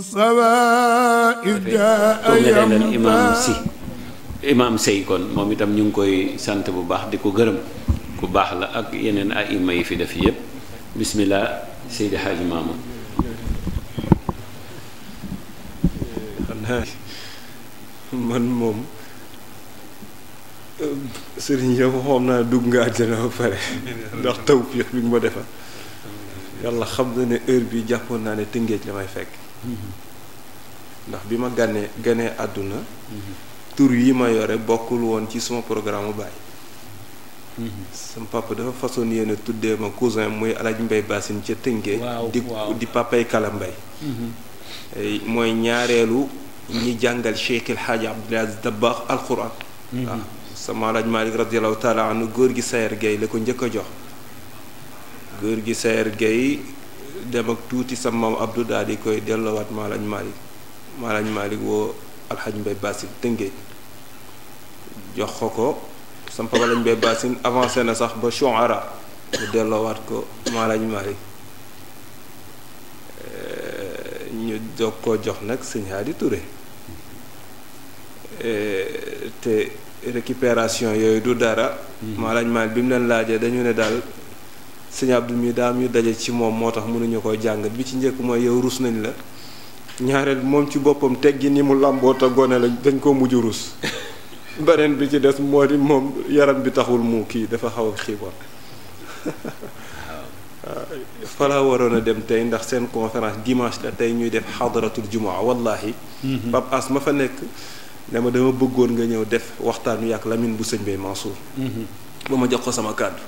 tournée leen imaam si imaam sey kon moom itam ñu ngi koy sant bu baax di ko gërëm ku baax la ak yeneen aima yi fi def yépp bismillah Seydi Hadji Maama man moom sëriñ yow xoom naa dugg nga àjjana ba pare ndax tawfiix bi nga ma defal yàlla xam ne heure bi jàppoon naa ne tëngéej la may fekk ndax bi ma ganee ganee àdduna mhm. tur yi ma yore bokkul woon ci suma programme mu bàyyi mhm. sama papa dafa façon yéene tuddee ma cousin muy alaaj mbay basin ca tënkee di di kala mbay mhm. eh, mooy ñaareelu ñi jàngal Cheikh El Hadj Abdoul Aziz Dabakh alquran ah, sama alaaj Malick radiallahu taala góor gi Sayer Gueye la ko njëkk a jox góor gi Sayer Gueye dem ak tuuti sa maam Abdou daal di koy delloowaat Maalañ Malick Maalañ Malick woo Alxaj Mbay Baasin Tëngéej jox ko ko sam papa lañ Mbay Baasin avancé na sax ba Chouara mu delloowaat ko Maalañ Malick eh, ñu dog ko jox nag sëñ Haadi Touré eh, te récupération yooyu du dara mm-hmm. Maalañ Malick bi mu leen laajee dañu ne daal sëñ Abdou mii daa muy daje ci moom moo tax mënuñu ko jàngat bi ci njëkk mooy yow rus nañ la ñaareel moom ci boppam gi ni mu làmboo te gone la dañ ko mujj rus beneen bi ci des moo di moom yaram bi taxul mu kii dafa xaw a xiiboon fala waroon a dem tey ndax seen conférence dimanche la tey ñuy def xadaratul jumaa wallahi mhm. Pape As ma fa nekk ne ma dama bëggoon nga ñëw def waxtaan wi ak Lamine bu sëñ Bay Mansour mhm. ba ma jox ko sama kàddu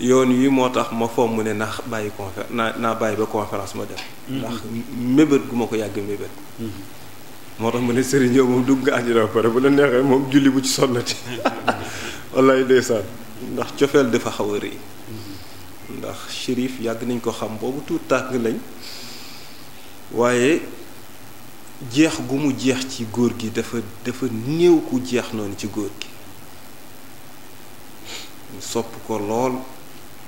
yoon yi moo tax ma foom mu ne ndax bàyyi confé naa naa bàyyi ba conférence ma dem. ndax mébét gu ma ko yàgg mébét. moo tax mu ne Serigne yow moom dugg nga àjjana ba pare bu neexee moom julli bu ci sonnati wallaay ndeysaan ndax cofeel dafa xaw a rëy ndax Chérif yàgg nañ ko xam boobu tuut tàkk lañ waaye jeex gu mu jeex ci góor gi dafa dafa néew ku jeex noonu ci góor gi sopp ko lool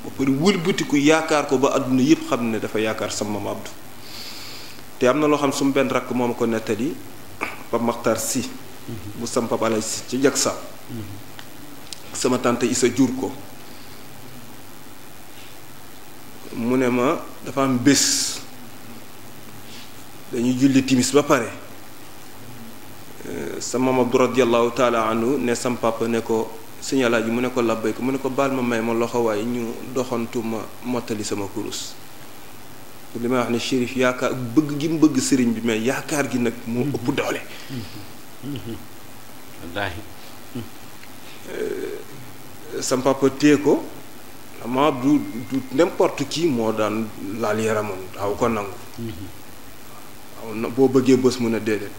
ba pare wëlbatiku yaakaar ko ba àdduna yëpp xam ne dafa yaakaar sama maam Abdou te am na loo xam suma benn rakk moom ko nettali Pape Makhtar si bu sam Pape Alay Sy ci Jaksa sama tante Isa jur ko mu ne ma dafa am bés dañuy julli timis ba pare sa maam Abdou radiyallahu taala anhu ne sam ne ko sëñ Alaaji mu ne ko labbay ko mu ne ko baal ma may ma loxo waaye ñu doxantu ma mottali sama kurus li may wax ne shérif yaakaar bëgg gi mu bëgg sëriñ bi mais yaakaar gi nag moo ëpp doole wallaahi euh, sam papa ko ama du du n'importe qui moo daan laal yaramam daaw ko nangu waaw boo bëggee bës mun a déedéet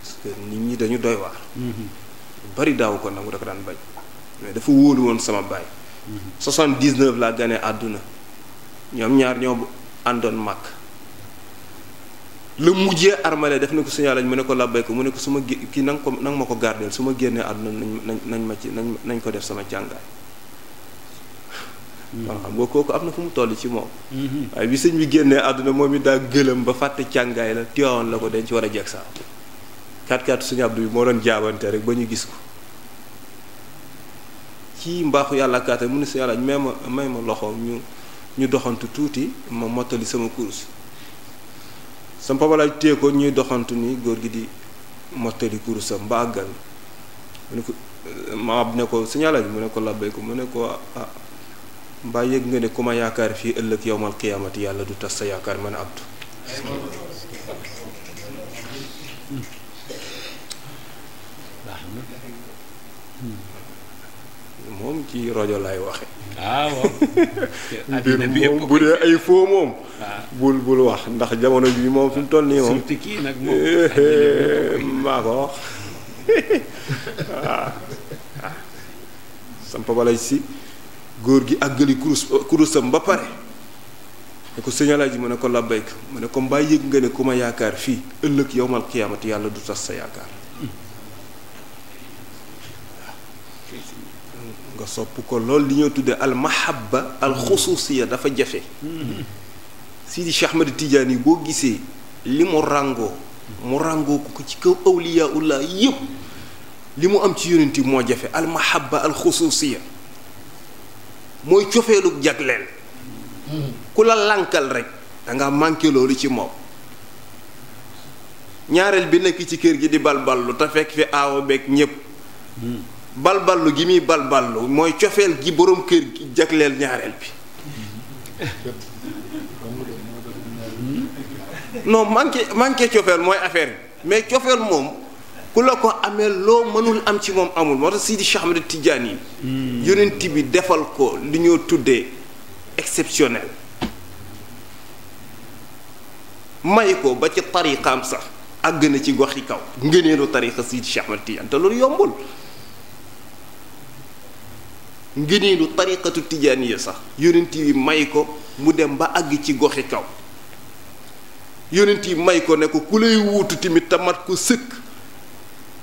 parce que nit ñi dañu doy waar mhm. bari daaw ko nangu da ko daan bañ mais dafa wóolu woon sama baay. 79 mhm. laa gane àdduna ñoom ñaar ñoo àndoon màkk la mujjee armale def na ko signalé mu ne ko labbay ko mu ne ko su ma gé kii na nga ko na ma ko gardeel su ma génnee àdduna nañ nañ ma ci nañ nañ ko def sama càngaay. Mhm. waaw xam kooku am na fu mu toll ci moom. Mhm. waaye bi sëñ bi génnee àdduna moom it daa gëlëm ba fàtte càngaay la teewoon la ko denc war a jeg saa. 4-4 suñu abdu bi moo doon jaabante rek ba ñu gis ko ci mbaaxu yàlla kaata mu ne si yàlla may ma may ma loxo ñu doxantu tuuti ma mottali sama kurus sama papa laaj ñuy doxantu ni góor gi di mottali course am ba àggal mu ne ko ma ab ne ko suñu yàlla bi mu ne ko labbay ko mu ne ko ah mbaa yëg nga ne ku ma yaakaar fii ëllëg yowmal qiyaamati yàlla du tas sa yaakaar man abdu moom ci rajo lay waxe waaw ah, moom bu dee ay foo moom. Ah. bul bul wax ndax jamono bi moom fi toll nii moom. surtout kii nag moom. maa ko wax waaw. samp si góor gi àggali kurus kurusam ba pare ne ko sëñalaa ji mu ne ko labbayk mu ne ko mbaa yëg nga ne ku ma yaakaar fii ëllëg yowmal qiyaamati yàlla du tas sa yaakaar. nga sopp ko loolu li ñoo tuddee al mahabba al dafa jafe Sidi Cheikh Ahmed yi boo gisee li mu ràngoo mu ràngoo ko ci kaw awliyaullah yëpp li mu am ci yonent moo jafe al mahabba al mooy cofeelu jagleel ku la lànkal rek danga nga manqué loolu ci moom ñaareel bi nekk ci kër gi di balballu te fekk fi aawa beeg ñépp balballu gi muy balballu mooy cofeel gi boroom kër gi jagleel ñaareel bi non manqué manqué cofeel mooy affaire bi mais cofeel moom ku la ko amee loo mënul am ci moom amul moo tax Sidi Cheikh Ahmed Tidiane yi yonent bi defal ko li ñoo tuddee exceptionnel may ko ba ci tariqaam sax àgg na ci gox yi kaw ngëneelu tariqa Sidi Cheikh Ahmed Tidiane te loolu yombul ngëneelu tariqatu tijaaniya sax yonent yi may ko mu dem ba àgg ci goxi kaw yonent yi may ko ne ko ku lay wuutu tamit tamat ko sëkk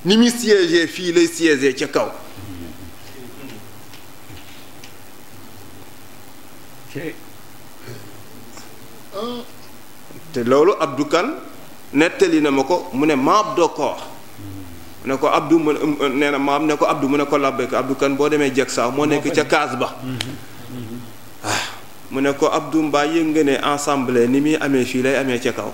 ni muy siégé fii lay siégé ca kaw te loolu Abdou Kane nettali na ma ko mu ne ma ab doo ko wax mu ne ko Abdou mu nee na maam ne ko Abdou mu ne ko làbbeek Abdou kan boo demee jeg saaw moo nekk ca kaas ba mm-hmm. Mm-hmm. Ah, mu ne ko Abdou mbaa yëg nga ne ensemble ni muy amee fii lay amee ca kaw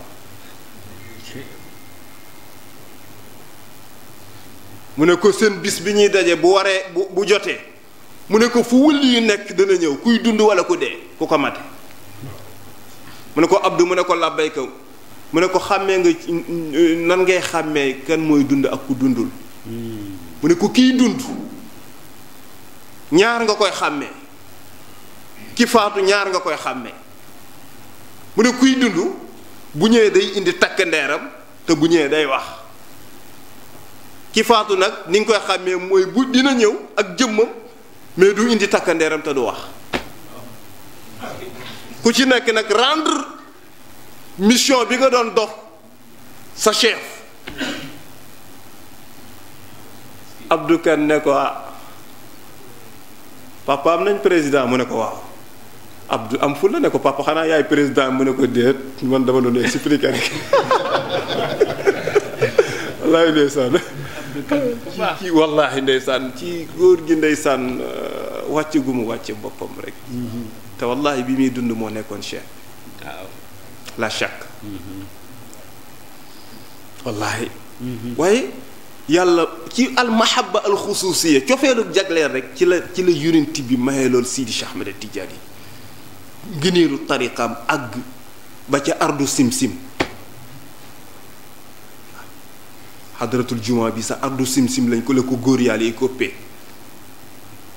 mu ne ko seen bis bi ñuy daje bu waree bu bu jotee mu ne ko fu wulli yu nekk dana ñëw kuy dund wala ku dee ku ko mate mu ne ko Abdou mu ne ko làbbeek mu ne ko xàmmee nga nan ngay xàmmee kan mooy dund ak ku dundul hmm. mu ne ko kiy dund ñaar nga koy xàmmee ki faatu ñaar nga koy xàmmee mu ne kuy dund bu ñëwee day indi takkandeeram te bu ñëwee day wax ki faatu nag ni nga koy xàmmee mooy bu dina ñëw ak jëmmam mais du indi takkandeeram te du wax ku ci nekk nag rendre mission bi nga doon dox sa chef Abdou Kane ne ko ah, papa am nañ président mu ne ko waaw Abdou am ful la ne ko papa xanaa yaay président mu ne ko déet man dama doon expliquer rek wallaahi ndeysaan ci wallaahi ndeysaan ci góor gi sànn euh, wàcc gu mu wàcc boppam rek mhm. te wallaahi bi muy dund moo nekkoon chef la chàkk mm-hmm. wallaahi mm-hmm. waaye yàlla ci almahabba alxusuusiya cofeelu jagleel rek ci la ci la yonent bi mayee lool Sidi Cheikh Ahmed Tidiane yi ngëneelu tariqaam àgg ba ca ardu simsim xadratul juma bi sa ardu simsim lañ ko la ko góor yàlla yi koppee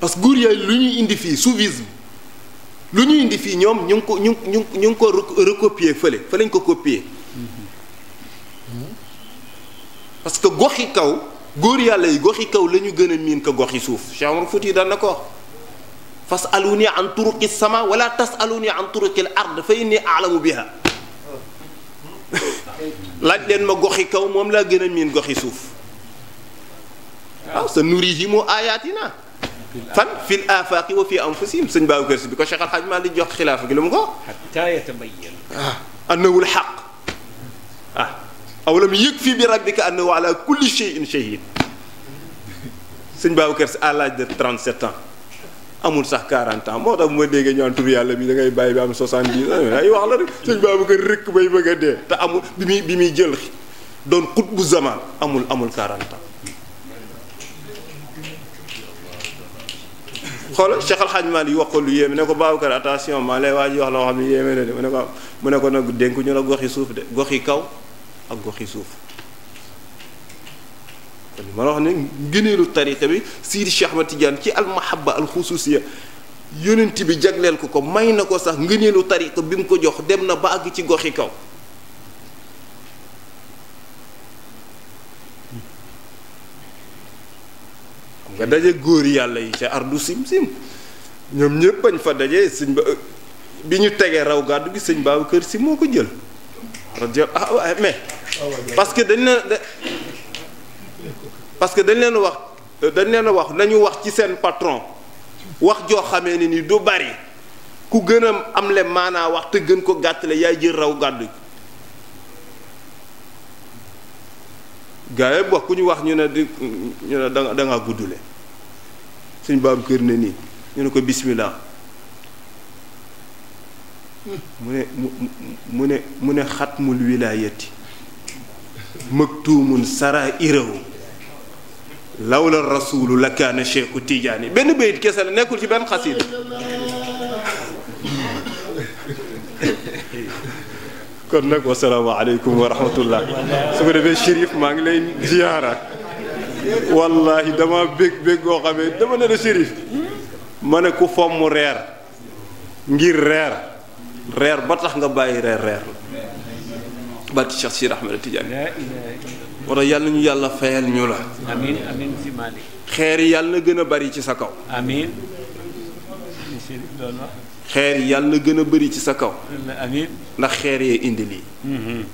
parce góor yàlla lu ñuy indi fii soufisme lu ñuy indi fii ñoom ñu ngi ko ñu ñu ñu ngi ko recopier fële fa lañ ko copier parce que goxi kaw góor yàlla yi goxi kaw la ñu gën a miin ko goxi suuf Cheikh Omar Fouti daan na ko wax fas aluni an turuqi sama wala tas aluni an turuqi al ard fa inni alamu biha laaj leen ma goxi kaw moom laa gën a miin goxi suuf waaw ah, sa nurihimu ayatina fan fil afaaqi wa fi anfusihim sëñ Babacar Si bi ko Cheikh Al Hadj Malick di jox xilaafa gi lu mu ko. hatta yatabayyana. ah annahu al-haqq ah aw lam yakfi bi rabbika annahu ala kulli shay'in shahid sëñ Babacar Si à l'âge de 37 ans amul sax 40 ans moo tax bu ma déggee ñu naan yàlla bi da ngay bàyyi bi am 70 ans ay wax la rek sëñ Babacar rëkk bay bëgg dee te amul bi muy bi muy jël doon xut bu zaman amul amul 40 ans. xoolal Cheikh Al Hadj Malick wax ko lu yéeme ne ko Babacar attention maa lay waaj wax loo xam ne yéeme na de mu ne ko mu ne ko nag dénku ñu la gox yi suuf de gox yi kaw ak gox yi suuf kon a wax ne ngëneelu tariqa bi Sidi Cheikh Ahmad Tidiane ci al mahabba al xususiya yonent bi jagleel ko ko may na ko sax ngëneelu tariqa bi mu ko jox dem na ba àgg ci gox yi kaw daje góor yàlla yi ca ardu sim sim ñoom ñëpp fa daje sëñ ba bi ñu tegee raw gàddu gi sëñ Babacar Si moo ko jël rajo ah, parce que dañ leen que dañ leen wax dañ leen wax nañu wax ci seen patron wax joo xamee ne ni du bari ku gën a am leen maanaa wax te gën ko gàttale yaay jël raw gàddu gi gaa yëpp wax ku ñu wax ñu ne di ñu da nga da guddule suñ baabu kër ne nii ñu ne ko bismillah mu ne mu ne mu ne xatmul wilaayati maktuumun sara irawu lawla rasulu la kaana cheikhu tijaani benn bayit kese la nekkul ci benn xasida kon nag wasalaamaaleykum wa rahmatullah su ko defee Chérif maa ngi lay ziyaara wallahi dama bég bég goo xamee dama ne la ma ne ku fomm reer ngir reer reer ba tax nga bàyyi reer reer la barki Cheikh Sidi Ahmed Tidiane wala yàlla ñu yàlla fayal ñu la amiin amiin xeer yi yàlla na gën a bari ci sa kaw amiin xeer yi yàlla na gën a bari ci sa kaw ndax xeer yee indi lii mhm.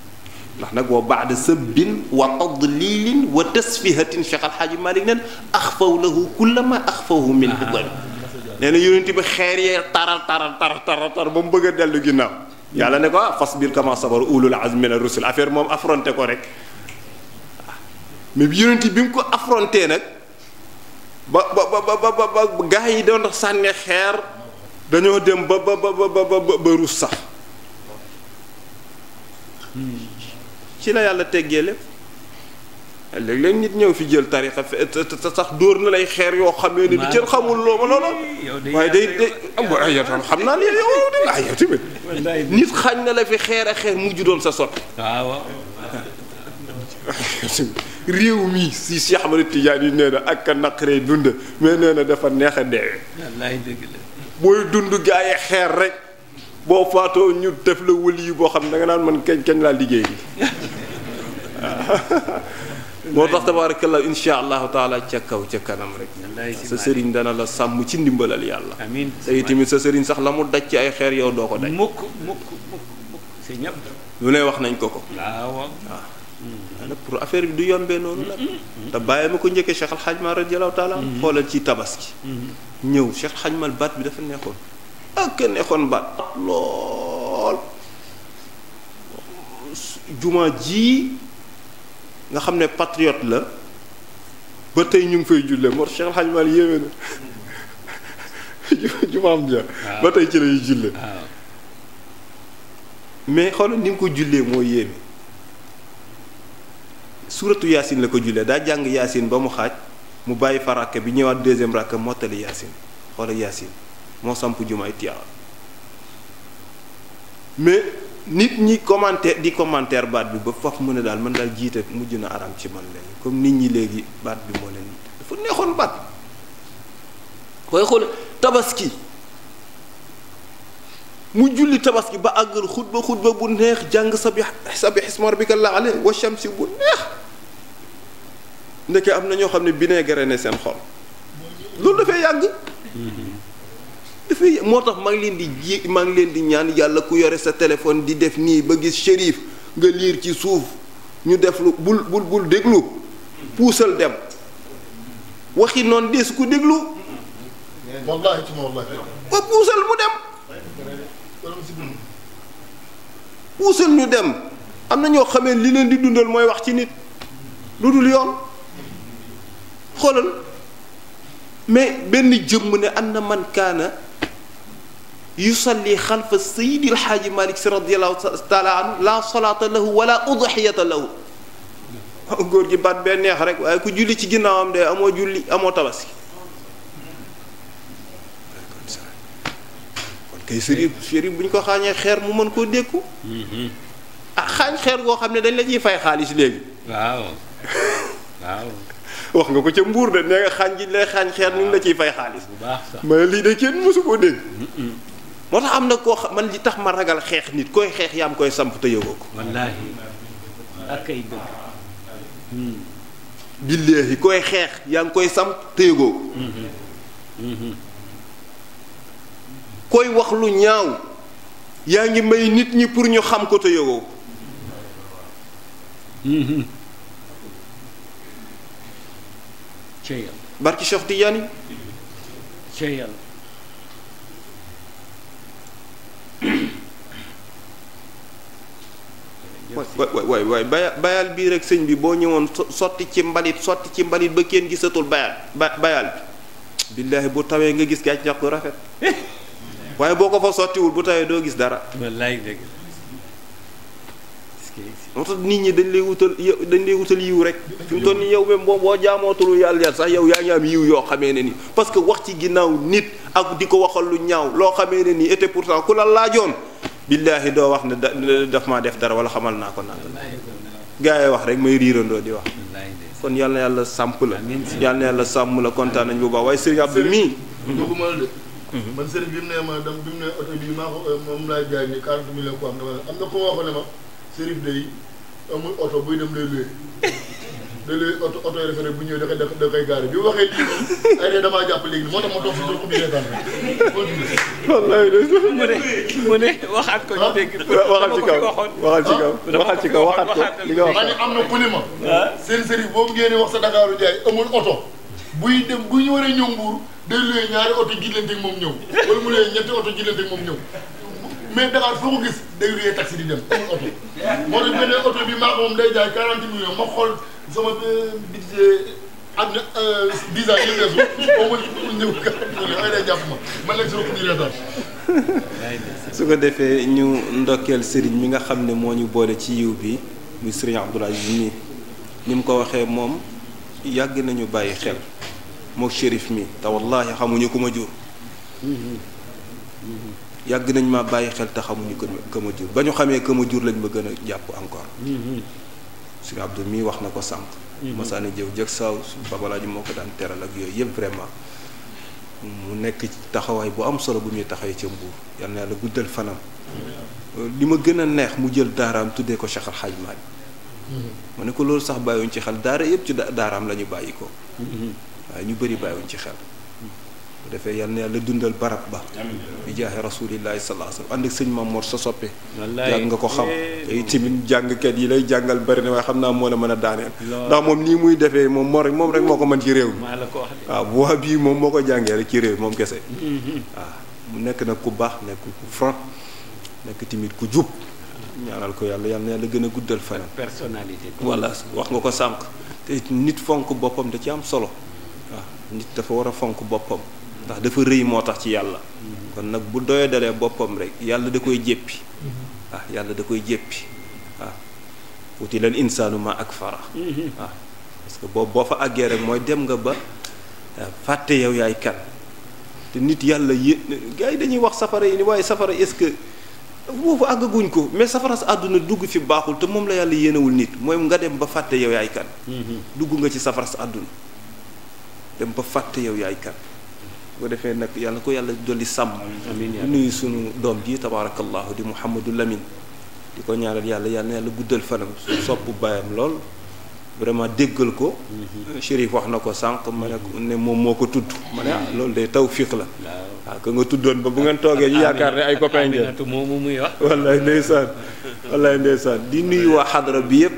ndax nag wa baada sabbin wa tadlilin wa tasfihatin Cheikh Alhaaji Malik neen axfaw lahu kulla ma axfahu min hudami xeer yee taral ba mu bëgg dellu ginnaaw yàlla ne ko ah fasbir kama sabara ulul azmi mina affaire moom affronté ko rek mais ko affronté nag ba ba ba gaa yi doon sànni xeer dañoo dem ba ba ba ba ba ba rus sax ci la yàlla teggee lépp léeg-léeg nit ñëw fi jël tarixa sax dóor na lay xeer yoo xamee ne du cër xamul loo ma loolu waaye ay ah, xam naa ne nit xañ na la fi xeer ak xeer mujj doon sa sot waaw réew mi si Cheikh Ahmed Tidiane yi nee ak a naqaree dund mais nee na dafa neex a deewee wallaay dëgg la booy dund gaa xeer rek boo faatoo ñu def la wëli yi boo xam ne da nga naan man kañ kañ laa liggéey moo tax tabaarakallaa insha allahu taala ca kaw ca kanam rek sa sëriñ dana la sàmm ci ndimbalal yàlla amiin te tamit sa sëriñ sax la mu daj ci ay xeer yow doo ko daj mukk mukk mukk mukk lu ne wax nañ ko ko waaw ah. hmm. nag pour affaire bi du yombee noonu la hmm, hmm, te bàyyi ma ko njëkkee Cheikh Al Hadj Mal radiyallahu taala xoolal ci tabaski ñëw Cheikh Al Hadj Mal baat bi dafa neexoon ak neexoon baat lool jumaa ji nga xam ne patriote la ba tey ñu ngi fay jullee Mor Cheikh El Hadj Malick mais xoolal ni ko jullee moo yéeme suuratu yaasin la ko jullee daa jàng yaasin ba mu xaaj mu bàyyi fa ràkk bi ñëwaat deuxième ràkk mottali yaasin xoolal yaasin moo samp jumaay Tiwaawan mais nit ñi commentaire di commentaire baat bi ba faf mën a daal mën daal jiite mujj na aram ci man léegi comme nit ñi léegi baat bi moo leen dafa neexoon baat koy xool tabaski mu julli tabaski ba àggal xutba xutba bu neex jàng sabih sabih isma rabbikal ala wa shamsi bu neex ndeke am na ñoo xam ne bi ne ne seen xol loolu dafay yàgg dafay moo tax maa leen di ji maa ngi leen di ñaan yàlla ku yore sa téléphone di def nii ba gis shérif nga liir ci suuf ñu def lu bul bul bul déglu puusal dem waxi noonu dees ku déglu. wallaahi ci puusal mu dem. puusal ñu dem am na ñoo xamee li leen di dundal mooy wax ci nit lu dul yoon xoolal mais benn jëmm ne am na man kaana. yusalli xalfa sayidil xaaji malik si radiallahu taala anhu la lahu wala udhiyata lahu góor gi baat bee neex rek waaye ku julli ci ginnaawam de amoo julli amoo tabaski kon kay sëriñ sëriñ bu ñu ko xaañee xeer mu mën koo dékku ah xaañ xeer goo xam ne dañ la ciy fay xaalis léegi wax nga ko ca mbuur de nee nga xaañ gi lay xaañ xeer ñu la ciy fay xaalis bu lii de kenn mësu koo dégg moo tax am na koo xam man ji tax ma ragal xeex nit koy xeex yaa am koy samp te yëgoo ko. wallaahi ak hmm. koy xeex yaa ngi koy samp te yëgoo hmm, hmm. koy wax lu ñaaw yaa ngi may nit ñi pour ñu xam ko te yëgoo waay waay bayaal bayal bayal bii rek sëñ bi boo ñëwoon sotti ci mbalit sotti ci mbalit ba kenn gisatul bayal ba bayal bi billaahi bu tawee nga gis gàncax gu rafet waaye boo ko fa sottiwul bu tawee doo gis dara. wallaay dëgg moo nit ñi dañ lay wutal yow dañ lay wutal yiw rek fi mu nii yow même boo boo jaamootul yàlla yàlla sax yow yaa ngi yiw yoo xamee ne ni parce que wax ci ginnaaw nit ak di ko waxal lu ñaaw loo xamee ne nii était pourtant ku la laajoon billaahi doo wax ne da daf maa def dara wala xamal naa ko naa gaa yi wax rek may riirandoo di wax kon yal yàlla sàmp la yal na yàlla sàmm la kontaan nañ bu baax waaye sëriñ Abdou mii mhm. man sëriñ bi mu ne ma dam bi mu ne oto bi maa ko euh, moom laay jaay ni quarante millions ko am na ko koo ne ma sëriñ day amul oto buy dem day luye da lay oto oto référé bu ñëwee da koy da koy gaari bi waxee lii ay ne damaa jàpp léegi moo tax ma toog si dëkk bi reetaan wallaay mu ne mu ne waxaat ko ñu dégg ah, waxal ci kaw ko li nga wax ma ne am na ku ne ma ah? seen sëriñ boobu ngeen wax sa Dakaaru jaay amul oto buy dem bu waree ñëw Mbuur day luwee ñaari oto jilanteeg moom ñëw wala mu luwee ñetti oto jilanteeg moom ñëw mais Dakar foo ko gis day luwee taxi di dem amul oto moo tax benn oto bi maa moom day jaay 40 millions ma xool Euh, sama budget am su ko defee ñu ndokkeel sëriñ mi nga xam ne moo ñu boole ci yiw bi muy sëriñ Abdoul Aziz mi ni mu ko waxee moom yàgg nañu bàyyi xel mook shérif mi te wallaahi xamuñu ku ma jur yàgg nañ maa bàyyi xel te xamuñu ku ma jur ba ñu xamee ku ma jur lañ ma gën a jàpp encore suñu Abdou mi wax na ko sànq. Mhm. Massaani jëw jëkk saaw suñu babalaaju moo ko daan teral ak yooyu yëpp vraiment mu nekk taxawaay bu am solo bu ñuy taxawee ca Mbuur yal na yàlla guddal fanam. li ma gën a neex mu jël daaraam tuddee ko Cheikh Al Hadj Malick mhm. ma ne ko loolu sax bàyyiwuñ ci xel daara yëpp ci daaraam la ñu bàyyi ko. Mhm. waaye ñu bëri bàyyiwuñ ci xel. defee yal na yàlla dundal barab ba bi jaaxe rasulillahi salaa sallam ànd sëñ Maam Mor sa soppe jàng nga ko xam te tamit jàngkat yi lay jàngal bëri na waaye xam naa moo la mën a daaneel ndax moom nii muy defee moom mor moom rek moo ko mën ci réew mi waaw voix bii moom moo ko jàngee rek ci moom kese mm-hmm. ah, mu nekk nag ku baax nekk ku franc ku jub ñaanal ko yàlla yal na gën a guddal fan personnalité voilà wax nga ko sànq fonk boppam da ci am solo waaw ah, nit dafa war a fonk boppam ndax dafa rëy moo tax ci yàlla kon nag bu doyo dalee boppam rek yàlla da koy jéppi ah yàlla da koy jéppi waaw wuti leen ak fara waaw que boobu boo fa àggee rek mooy dem nga ba euh, fàtte yow yaay kan te nit yàlla yé gars yi dañuy wax safara yi ni waaye safara est-ce que foofu ko mais safara sa àdduna dugg fi baaxul te moom la yàlla yéenewul nit mooy nga dem ba fàtte yow yaay kan mm-hmm. dugg nga ci safara sa àdduna dem ba fàtte yow yaay kan bu ko defee nag yàlla ko yàlla dolli sàmm di nuyu sunu doom ji tabaarakallahu di Mouhamadou Lamine di ko ñaanal yàlla yàlla yàlla guddal fanam bu baayam lool vraiment déggal ko mhm. Chérif wax na ko sànq ma ne moom moo ko tudd ma ne ah, mhm. lool day tawfiq la waaw que nga tuddoon ba bu ngeen toogee ñu yaakaar ne ay copain ngeen moomu muy wax wallaay ndeysaan wallaay di nuyu waa xadara bi yëpp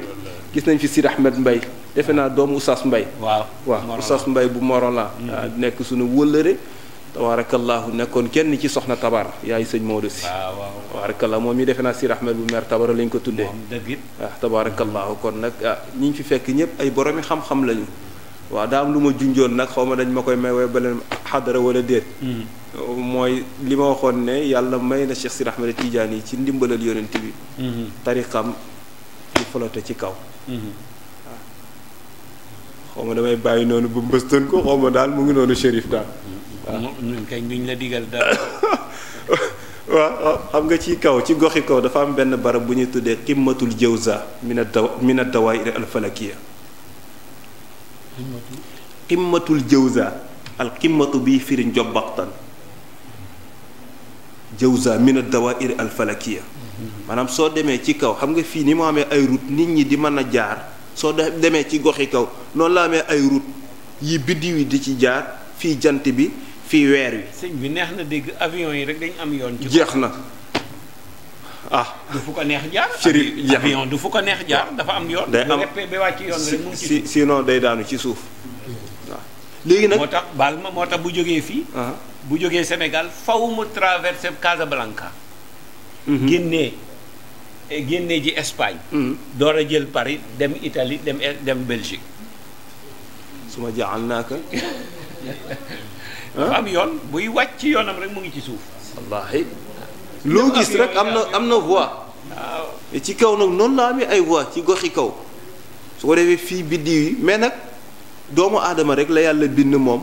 gis nañ fi Sidi Ahmed Mbaye defe naa doomu Oustaz mbay waaw waaw Oustaz Mbaye bu Morolan mm-hmm. nekk suñu wëllëre tabaarakallaahu nekkoon kenn ci soxna Tabara yaay sëñ Maodo si waaw tabaarakallaahu moom mi defe naa si rahmat bu mer Tabara lañ ko tuddee waaw ah, tabaarakallaahu kon nag ah ñi ñu fi fekk ñëpp ay boromi xam-xam lañu waaw daa am lu ma junjoon nag xaw ma dañ ma koy may way ba leen xadara wala déet mm-hmm. mooy li ma waxoon ne yàlla may na Cheikh Sidi Ahmed tiijaan yi ci ndimbalal yonent bi mm-hmm. tariqam di flotte ci kaw xaw ma bàyyi noonu ba mbëstan ko xaw daal mu ngi noonu shérif daal. ñun kay duñ la xam nga ci kaw ci goxi kaw dafa am benn barab bu ñuy tuddee qimmatul jawza mina dawa mina dawaa'ir al falakiya qimmatul jawza al qimmatu bi firi njobaxtan jawza mina dawaa'ir al falakiya mm-hmm. maanaam soo demee ci kaw xam nga fii ni mu amee ay route nit ñi di mën a jaar soo de demee ci goxi kaw noonu la amee ay route yi biddiw yi di ci jaar fii jant bi fii weer wi. sëñ bi neex na dégg avion yi rek dañ am yoon. jeex na ah. du fu neex jaar. chéri avion du fu ko neex jaar dafa am yoon. day am ba yoon rek mu ci daanu ci suuf. léegi nag moo tax baal ma moo tax bu jógee fii. Ah. bu jógee senegal faw mu traversé Casablanca. Mhm. génnee. E génnee ji Espagne. Mm. door a jël Paris dem itali dem dem Belgique. su ma jaaxal naa ko. am yoon buy wàcc ci yoonam rek mu ngi ci suuf. wallaahi. loo gis rek am na am na voie. ci kaw nag noonu la amee ay voie ci goxi kaw. su ko defee fii biddiw yi mais nag doomu aadama rek la yàlla bind moom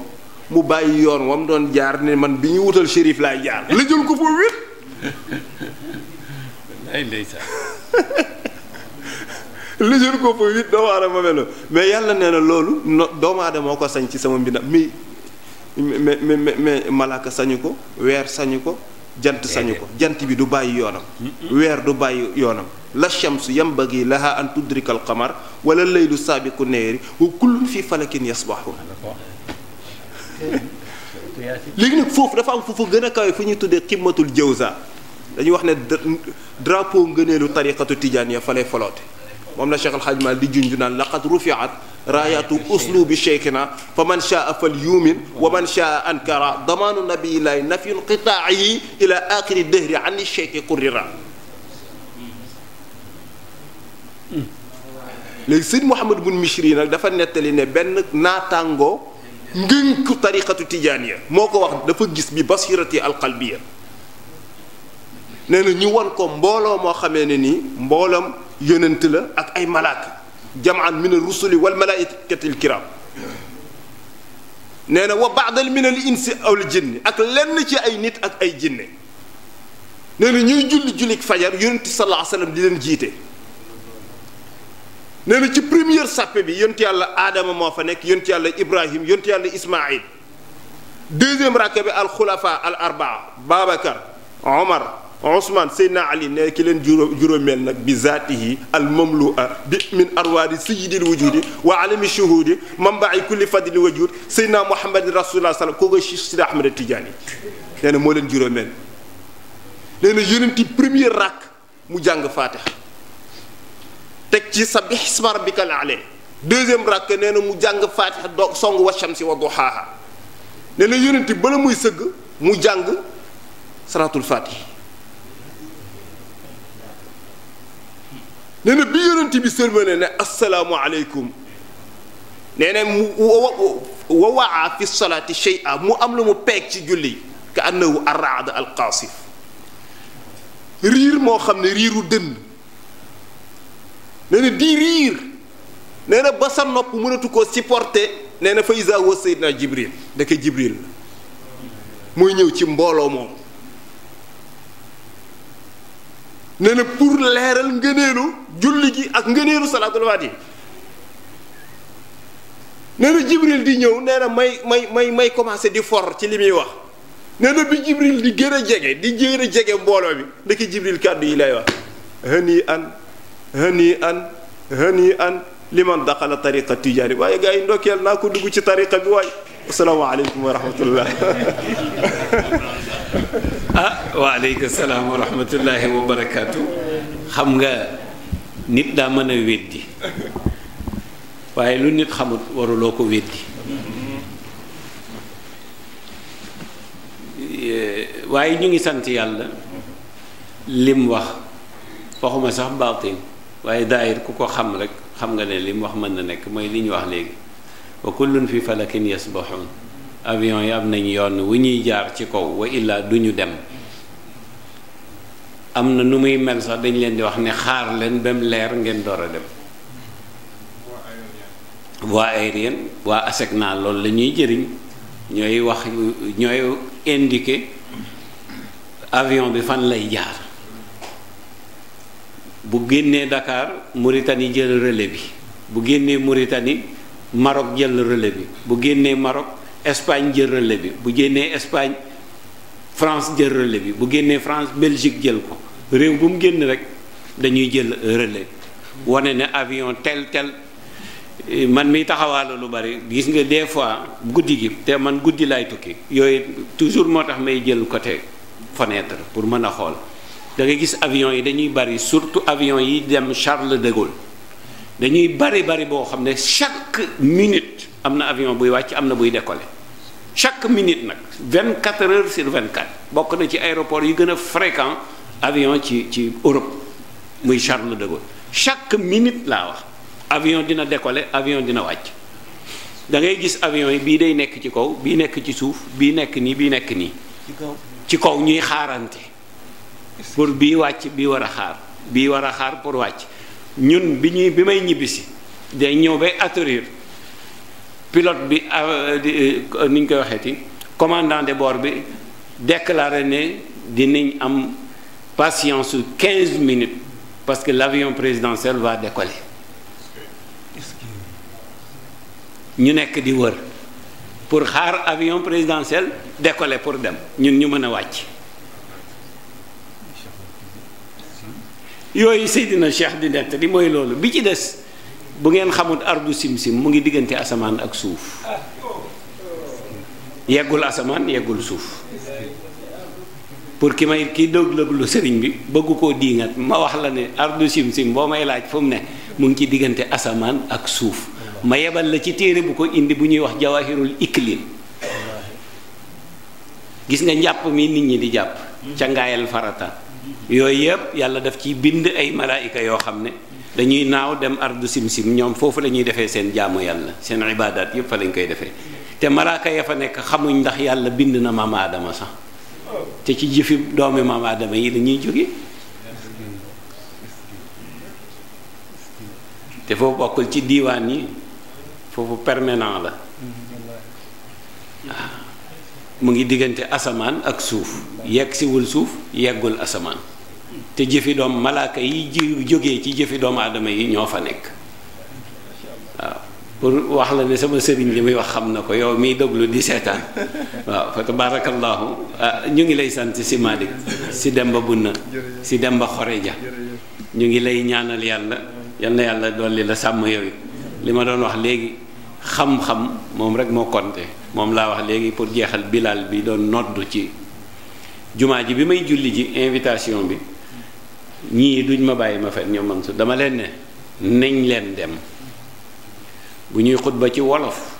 mu bàyyi yoon wam doon jaar ne man bi ñu wutal shérif laay jaar. la jël ko foofu wér. ay ndeysaan lu jur ko fa doomu aadama melo mais yàlla nee na loolu no doomu aadama moo ko sañ ci sama mbindam mi mais malaaka sañu ko weer sañu ko jant sañu ko jant bi du bàyyi yoonam weer du bàyyi yoonam la shamsu yambagi laha an tudrika al qamar wala laylu saabiqu neeri wa kullun fi falakin yasbahuun léegi nag foofu dafa am foofu gën a kawe fu ñuy tuddee qimmatul jawza dañuy wax ne drapo ngëneelu tariqatu tijaaniya fa lay foloote moom la Cheikh Al Hadj di junj naan laqad rufiat raayatu uslubi cheikhina fa man shaa fal yuumin wa man shaa ankara damaanu nabiyillahi nafiyun qitaayi ila aaxiri dëhri ani cheikhi kurira léegi sëñ Mouhamad bun Michri nag dafa nettali ne benn naataangoo ngënku tariqatu tijaaniya moo ko wax dafa gis bi basirati alqalbiya nee na ñu wan ko mbooloo moo xamee ne nii mbooloom yonent la ak ay malaaka jamaan min al rusuli wal malaikatil kiram nee na wa baadal min al insi awal jinni ak lenn ci ay nit ak ay jinne nee na ñuy julli jullik fajar yonent sallallahu alayhi di leen jiite nee na ci première sàppe bi yonent yàlla aadama moo fa nekk yonent yàlla ibrahim yonent yàlla ismail deuxième rakka bi al xulafa al arbaa babacar omar Ousmane Seydina Ali ne ki leen juróomeel nag bi zaatihi al mamlua bi min arwaadi sayyidil na moo leen juróomeel nee na yonenti premier rakk mu jàng faatiha teg ci sabbih isma rabbikal ala deuxième rakk nee na mu jàng faatiha do song wa shamsi wa duhaaha nee bala muy sëgg mu jàng salaatul faatiha nee na bi yonent bi sërmane ne asalaamualeykum nee na mu wa waa fi salaati shay a mu am lu mu peeg ci julli ka annahu arraada alqaasif riir moo xam ne riiru dënn nee na di riir nee na ba sa nopp mënatu koo supporter nee na fa isa wa sayyidina jibril da ko jibril la muy ñëw ci mbooloo moom ne na pour leeral ngëneelu julli gi ak ngëneelu salaatul faatihi nee na jibril di ñëw nee na may may may may commencé di for ci li muy wax nee na bi jibril di gën a jege di gën a jege mbooloo bi ndeki jibril kàddu yi lay wax hanii an hanii an hanii an liman daxala tariqa tijaani waaye gaa yi ndokkeel naa ko dugg ci tariqa bi waaye asalaamaaleykum wa rahmatullah ah waaleykum salaam wa rahmatullahi xam nga nit daa mën a weddi waaye lu nit xamut waruloo ko weddi eh, waaye ñu ngi sant yàlla lim wax waxuma sax baatin waaye daayir ku ko xam rek xam nga ne lim wax mën na nekk mooy li ñu wax léegi wa kullun fi falakin yasbaxuun avion yi am nañ yoon wu ñuy jaar ci kaw wa illaa duñu dem am na nu muy mel sax dañ leen di wax ne xaar leen ba mu leer ngeen door a dem voie aérienne waa ASECNA loolu la ñuy jëriñ ñooy wax ñooy indiqué avion bi fan lay jaar bu génnee Dakar Mauritanie jël relais bi bu génnee Mauritanie Maroc jël relais bi bu génnee Maroc Espagne jël relais bi bu génnee Espagne France jël relais bi bu génnee France Belgique jël ko réew bu mu génn rek dañuy jël relais wane ne avion tel tel man mi taxawaalo lu bari gis nga des fois guddi gi te man guddi laay tukki yooyu toujours moo tax may jël côté fenêtre pour mën a xool da nga gis avion yi dañuy bari surtout avion yi dem Charles de Gaulle dañuy bari bari boo xam ne chaque minute am na avion buy wàcc am na buy décoller chaque minute nag 24 heures sur 24 bokk na ci aéroport yu gën a fréquent avion ci ci Europe muy Charles de Gaulle chaque minute laa wax avion dina décoller avion dina wàcc da ngay gis avion yi bii day nekk ci kaw bii nekk ci suuf bii nekk nii bii nekk nii. ci kaw ci kaw ñuy xaarante. pour bii wàcc bii war a xaar bii war a xaar pour wàcc. ñun bi ñuy bi may ñibbisi day ñëw bay atterrir pilote bi euh, euh, ni ñu koy waxeeti commandant de bord bi déclaré ne dinañ am patience su 15 minutes parce que l'avion présidentiel va décoller ñu nekk di wër pour xaar avion présidentiel décoler pour dem ñun ñu mën a wàcc. yooyu Seydina Cheikh di nett di mooy loolu bi ci des bu ngeen xamut ardu simsim mu ngi diggante asamaan ak suuf yeggul asamaan yeggul suuf pour ki may ki dëgg-dëglu bi bëgg koo diingat ma wax la ne ardu simsim boo may laaj fu ne mu ngi ci diggante asamaan ak suuf ma yebal la ci téere bu ko indi bu ñuy wax jawahirul iklim gis nga njàpp mi nit ñi di jàpp ca ngaayal farata yooyu yëpp yàlla def ci bind ay malaayika yoo xam ne dañuy naaw dem ardu simsim ñoom foofu la ñuy defee seen jaamu yàlla seen ibaadaat yëpp fa lañ koy defee te malaaka ya fa nekk xamuñ ndax yàlla bind na maam aadama sax te ci jëfi doomi maam aadama yi lañuy ñuy jóge te foofu bokkul ci diiwaan yi foofu permenant la mu ngi diggante asamaan ak suuf yegg siwul suuf yeggul asamaan te jëfi doom malaaka yi ji jóge ci jëfi doomu aadama yi ñoo fa nekk waaw pour wax la ne sama sëriñ li muy wax xam na ko yow miy déglu di seetaan waaw fa tabaarakallaahu ah, ñu ngi lay sant si Malick si Demba Bunna si Demba ja ñu ngi lay ñaanal yàlla yal na yàlla dolli la sàmm yooyu li ma doon wax léegi xam-xam moom rek moo konte moom laa wax léegi pour jeexal bilal bi doon nodd ci jumaa ji bi may julli ji invitation bi ñii duñ ma bàyyi ma fet ñoom man su dama leen ne nañ leen dem bu ñuy xutba ci wolof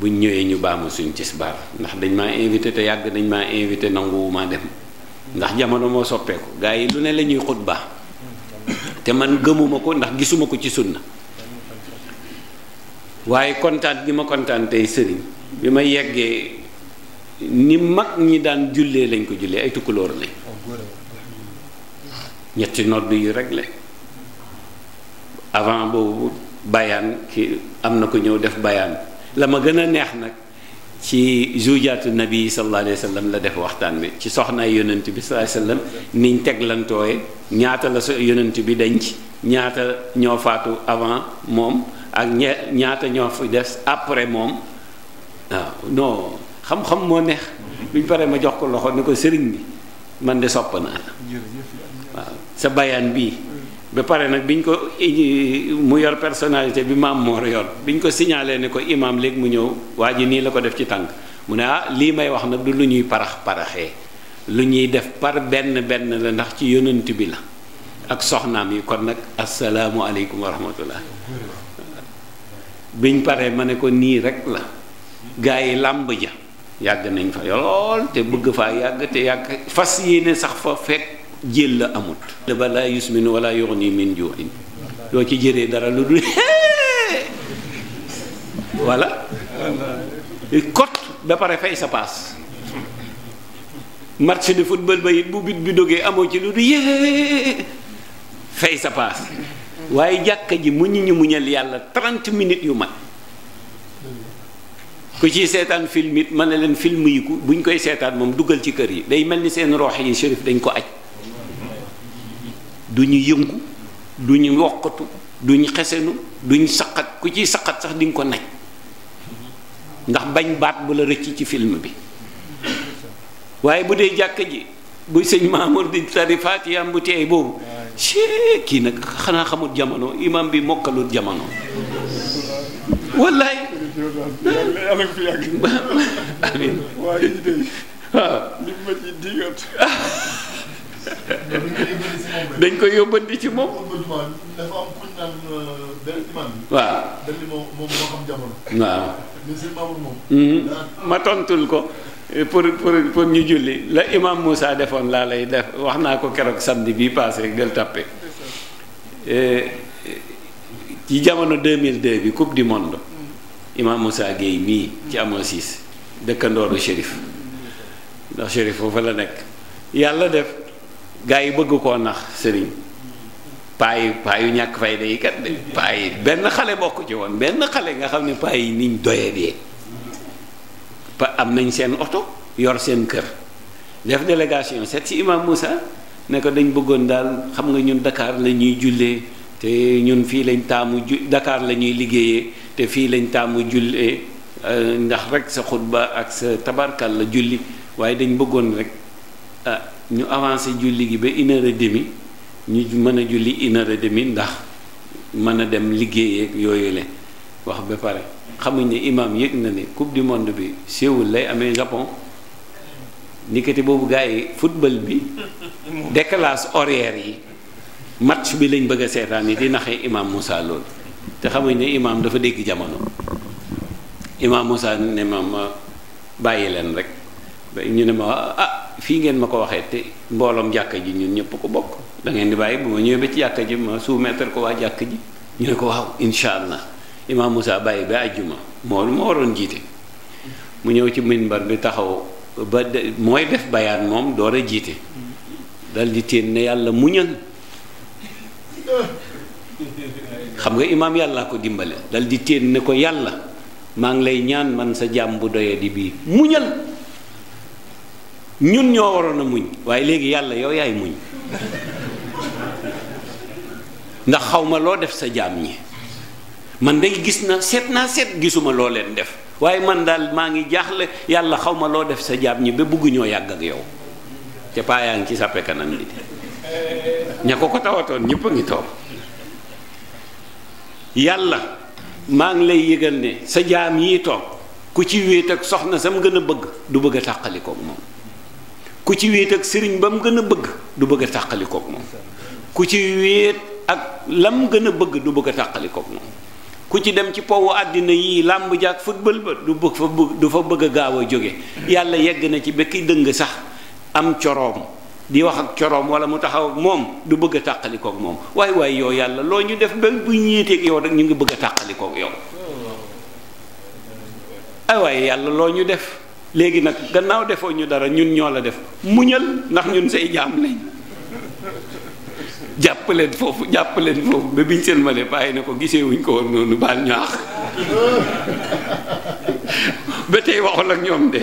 buñ ñëwee ñu baamu suñ ci tisbaar ndax dañ maa invité te yàgg dañ maa invité nanguwuma dem ndax jamono moo soppeeku gaa yi lu ne la ñuy xutba te man gëmuma ko ndax gisuma ko ci sunna waaye kontaan gi ma kontaan tey sëriñ bi ma yeggee ni mag ñi daan jullee lañ ko jullee ay tukkulóor lañ ñetti nodd yu rek la avant boobu bayaan ki am na ko ñëw def bayaan la ma gën a neex nag ci jujaatu nabi sallallahu alayhi wa sallam la def waxtaan bi ci soxnaay yonent bi sa alayhi wa sallam niñ teglantooye ñaata la so yonent bi ci ñaata ñoo faatu avant moom ak ñe ñaata ñoo fi des après moom waaw non xam-xam moo neex bi ñu ma jox ko loxo ni ko sëriñ bi man de sopp naa la waaw sa bayaan bii ba pare nag biñ ko mu yor personnalité bi maam moor yor biñ ko signalé ne ko imaam léegi mu ñëw waa ji nii la ko def ci tànk mu ne ah lii may wax nag du lu ñuy parax paraxee lu ñuy def par benn benn la ndax ci yonent bi la ak soxnaam yi kon nag asalaamualeykum wa rahmatullah biñ paree ma ne ko nii rek la gaa yi làmb ja yàgg nañ fa lool te bëgg faa yàgg te yàgg fas yéene sax fa fekk jël la amut ba laa yusminu wala yughni min ju'in ci jëree dara lu dul voilà kot ba pare fay sa paas match de football ba it bu bit bi dogee amoo ci lu dul yée fay sa paas waaye jàkka ji mu ñu ñu muñal yàlla 30 minutes yu mag ku ci seetaan film it mën na leen film yi ku buñ koy seetaan moom dugal ci kër yi day mel ni seen roox yi shérif dañ ko aj du ñu yënku du ñu woqatu du ñu xesenu du ñu saqat ku ciy saqat sax di nga ko naj ndax bañ baat bu la rëcc ci film bi waaye bu dee jàkk ji bu sëñ Mamour di tari Faatiha bu boobu cee kii nag xanaa xamut jamono imam bi mokkalut jamono wallaay yàlla dañ koy yóbbandi ci moom waaw waaw mm-hmm. ma tontul ko pour pour ñu julli la imam muusa defoon laa lay def wax naa ko keroog samedi bi passé gël tàppe eh, ci jamono 2002 bi coupe du monde imam Moussa Gueye mii ci amoon siis dëkkandooru shérif ndax shérif foofu la nekk yàlla def gaa yi bëgg koo nax sëriñ paay yu ñàkk fay day kat de paay benn xale bokk ci woon benn xale nga xam ne paay yi niñ doyee am nañ seen oto yor seen kër def délégation seet si imam Moussa ne ko dañ bëggoon daal xam nga ñun Dakar la ñuy jullee te ñun fii lañ taamu la ñuy liggéeyee te fii lañ taamu jullee euh, ndax rek sa xutba ak sa tabarkal la julli waaye dañ bëggoon rek ah ñu avancé julli gi ba une heure et ñu mën a julli une heure ndax mën a dem liggéeyee yooyu le wax ba pare xamuñ ne imam yéeg na ne coupe du monde bi Séoul lay amee Japon nikkati boobu gars yi football bi décalage horaire yi match bi lañ bëgg a seetaan yi di naxee imam Moussa loolu te xamuñ ne imam dafa dégg jamono imam Moussa ne ma ma bàyyi leen rek ñu ne ma ah fii ngeen ma ko waxee te mbooloom jàkka ji ñun ñëpp ko bokk da ngeen di bàyyi bu ma ñëwee ba ci jàkka ji ma suu soumettre ko waa jàkka ji ñu ne ko waaw incha allah imaam Moussa bàyyi ba àjjuma moom moo waroon jiite mu ñëw ci minbar bi taxaw ba mooy def bayaan moom door a jiite daldi di téen ne yàlla muñal xam nga imaam yàlla ko dimbale dal di téen ne ko yàlla maa ngi lay ñaan man sa jàmm bu doyee di bii muñal ñun ñoo waroon a muñ waaye léegi yàlla yow yaay muñ ndax xaw ma loo def sa jaam ñi man day gis na seet naa seet gisuma loo leen def waaye man daal maa ngi jaaxle yàlla xaw ma loo def sa jaam ñi ba bugg yàgg ak yow ca paayaa ngi ci sàppe kanam bi ña ko ko tawatoon ñëpp a ngi yàlla maa ngi lay yëgal sa jaam yi toog ku ci wéet ak soxna sam gën a bëgg du bëgg a tàqalikook moom ku ci wéet ak sëriñ ba mu gën a bëgg du bëgg a tàqalikook moom ku ci wéet ak lam gën a bëgg du bëgg a tàqalikook moom ku ci dem ci powu àddina yi làmb jaak football ba du fa bëgg du fa bëgg a gaaw a jóge yàlla yegg na ci bekki dëng sax am coroom di wax ak coroom wala mu taxaw ak moom du bëgg a tàqalikook moom waaye waaye yow yàlla loo ñu def ba bu ñiiteek yow rek ñu ngi bëgg a tàqalikook yow ay waaye yàlla loo ñu def léegi nag gannaaw defoo ñu dara ñun ñoo la def muñal ndax ñun say jaam lañ jàpp foofu jàpp leen foofu ba biñ seen male bàyyi na ko gisee ko woon noonu baal ñaax ba tey waxul ak ñoom de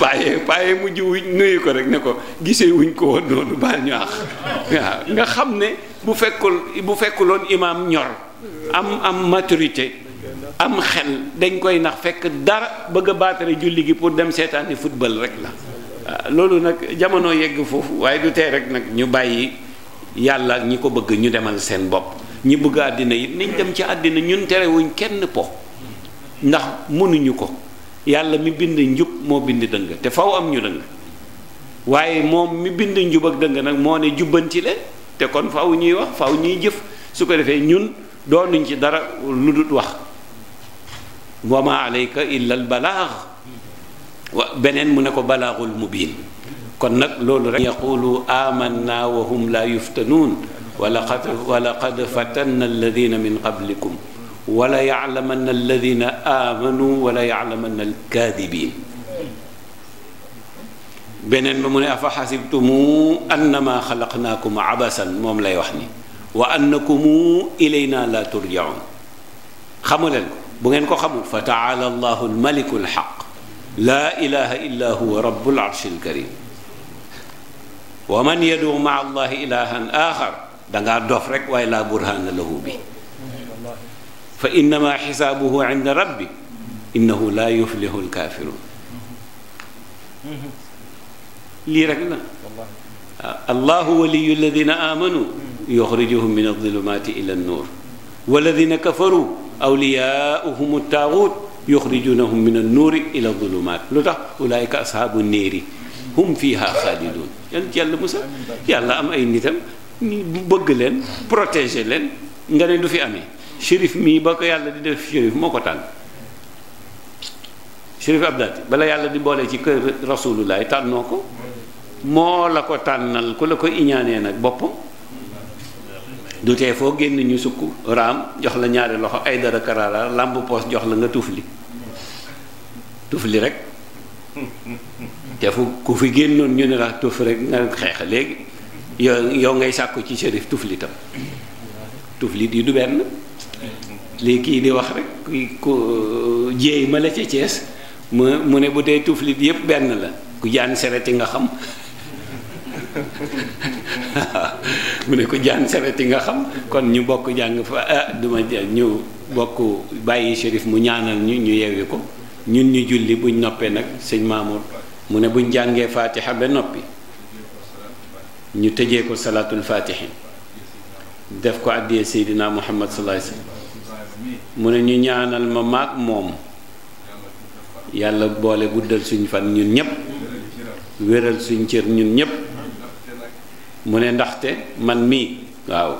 bàyyee bàyyee mujj wuñ nuyu ko rek ne ko gisee ko woon noonu baal ñaax waaw nga xam ne bu fekkul bu fekkuloon imaam ñor am am maturité am xel dañ koy nax fekk dara bëgg a baatare julli gi pour dem seetaani futbal rek la loolu nag jamono yegg foofu waaye du tee rek nag ñu bàyyi yàlla ñi ko bëgg ñu demal seen bopp ñi bëgg àddina yi nañ dem ci àddina ñun terewuñ kenn po ndax mënuñu ko yàlla mi bind njub moo bind dëng te faw am ñu dëng waaye moom mi bind njub ak dëng nag moo ne jubbanti te kon faw ñuy wax faw ñuy jëf su ko defee ñun doonuñ ci dara lu dul wax wa ma alayka illa al balaax wa beneen mu ne ko balaaxul biin kon nag loolu rek yaqulu amanna wa hum la yuftanuun wa laqad wa laqad fatanna alladina min qablikum wala yalamanna alladina amanu wala yalamanna alkaadibin beneen ba mu ne afa xasibtumu annama xalaqnaakum abasan moom lay wax ni wa annakumu ilayna la turjaun xamu leen ko bu ngeen ko xamul fa taala allahu almaliku alxaq laa ilaha illa huwa rabbul arshil karim wa man yadu maa allahi ilahan axar dangaa dof rek waaye laa burhaana lahu bi fa innama xisaabuhu inda rabbi innahu laa yuflihu lkaafiruun lii rek la allahu waliyu alladina aamanu yuxrijuhum min adulumaati ila nnuur walladina kafaru awliyaauhum attaaguut yuxrijunahum min annuuri ila adulumaat lu tax ulaayika ashaabu néeri hum fiha xaalidun yan yàlla musa yàlla am ay nitam ñu bëgg leen protéger leen nga ne du fi amee shérif mii ba ko yàlla di def shérif moo ko tànn shérif abdati bala yàlla di boole ci kër rasulullah tànnoo ko moo la ko tànnal ku la ko iñaanee nag boppam du tee foo génn ñu sukk raam jox la ñaari loxo ay dara karara làmb poos jox la nga tuuf li tuuf li rek defu fu ku fi génnoon ñu ne la tuf nga xeex léegi yow yow ngay sàkku ci shérif tufli tam tufli di du benn lii kii di wax rek ku jéey ma la ca Cees mu mu ne bu dee tuflit yépp benn la ku jaan sereti nga xam mu ne ku jaan sereti nga xam kon ñu bokk jàng fa ah duma ñu bokk bàyyi shérif mu ñaanal ñu ñu yewwi ko ñun ñu julli buñ noppee nag sëñ Mamour mu ne buñ jàngee faatiha ba noppi ñu tëjee ko salaatul faatihin def ko àddiyee seydinaa muhammad sallallahu alayhi mu ne ñu ñaanal ma maag moom yàlla boole guddal suñ fan ñun ñépp wéral suñ cër ñun ñépp mu ne ndaxte man mii waaw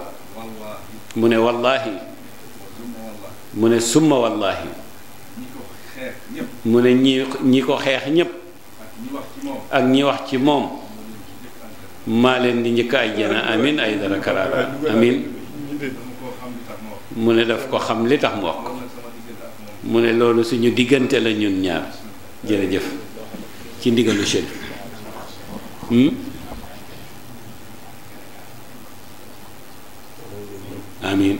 mu ne wallaahi mu ne summa wallaahi mu ne ñi ñi ko xeex ñépp ak ñi wax ci moom maa leen di njëkk àjjana amin ay dara karaara amin mu ne daf ko xam li tax mu wax ko mu ne loolu suñu diggante la ñun ñaar jërëjëf ci ndigalu chérif hmm? amin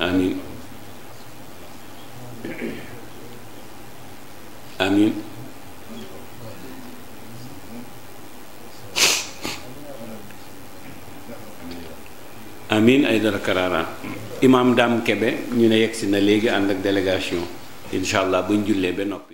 amin amin amin ay dara karaaraan imaam Dame Kebe ñu ne yegsi na léegi ànd ak délégation incha allah buñ jullee ba noppi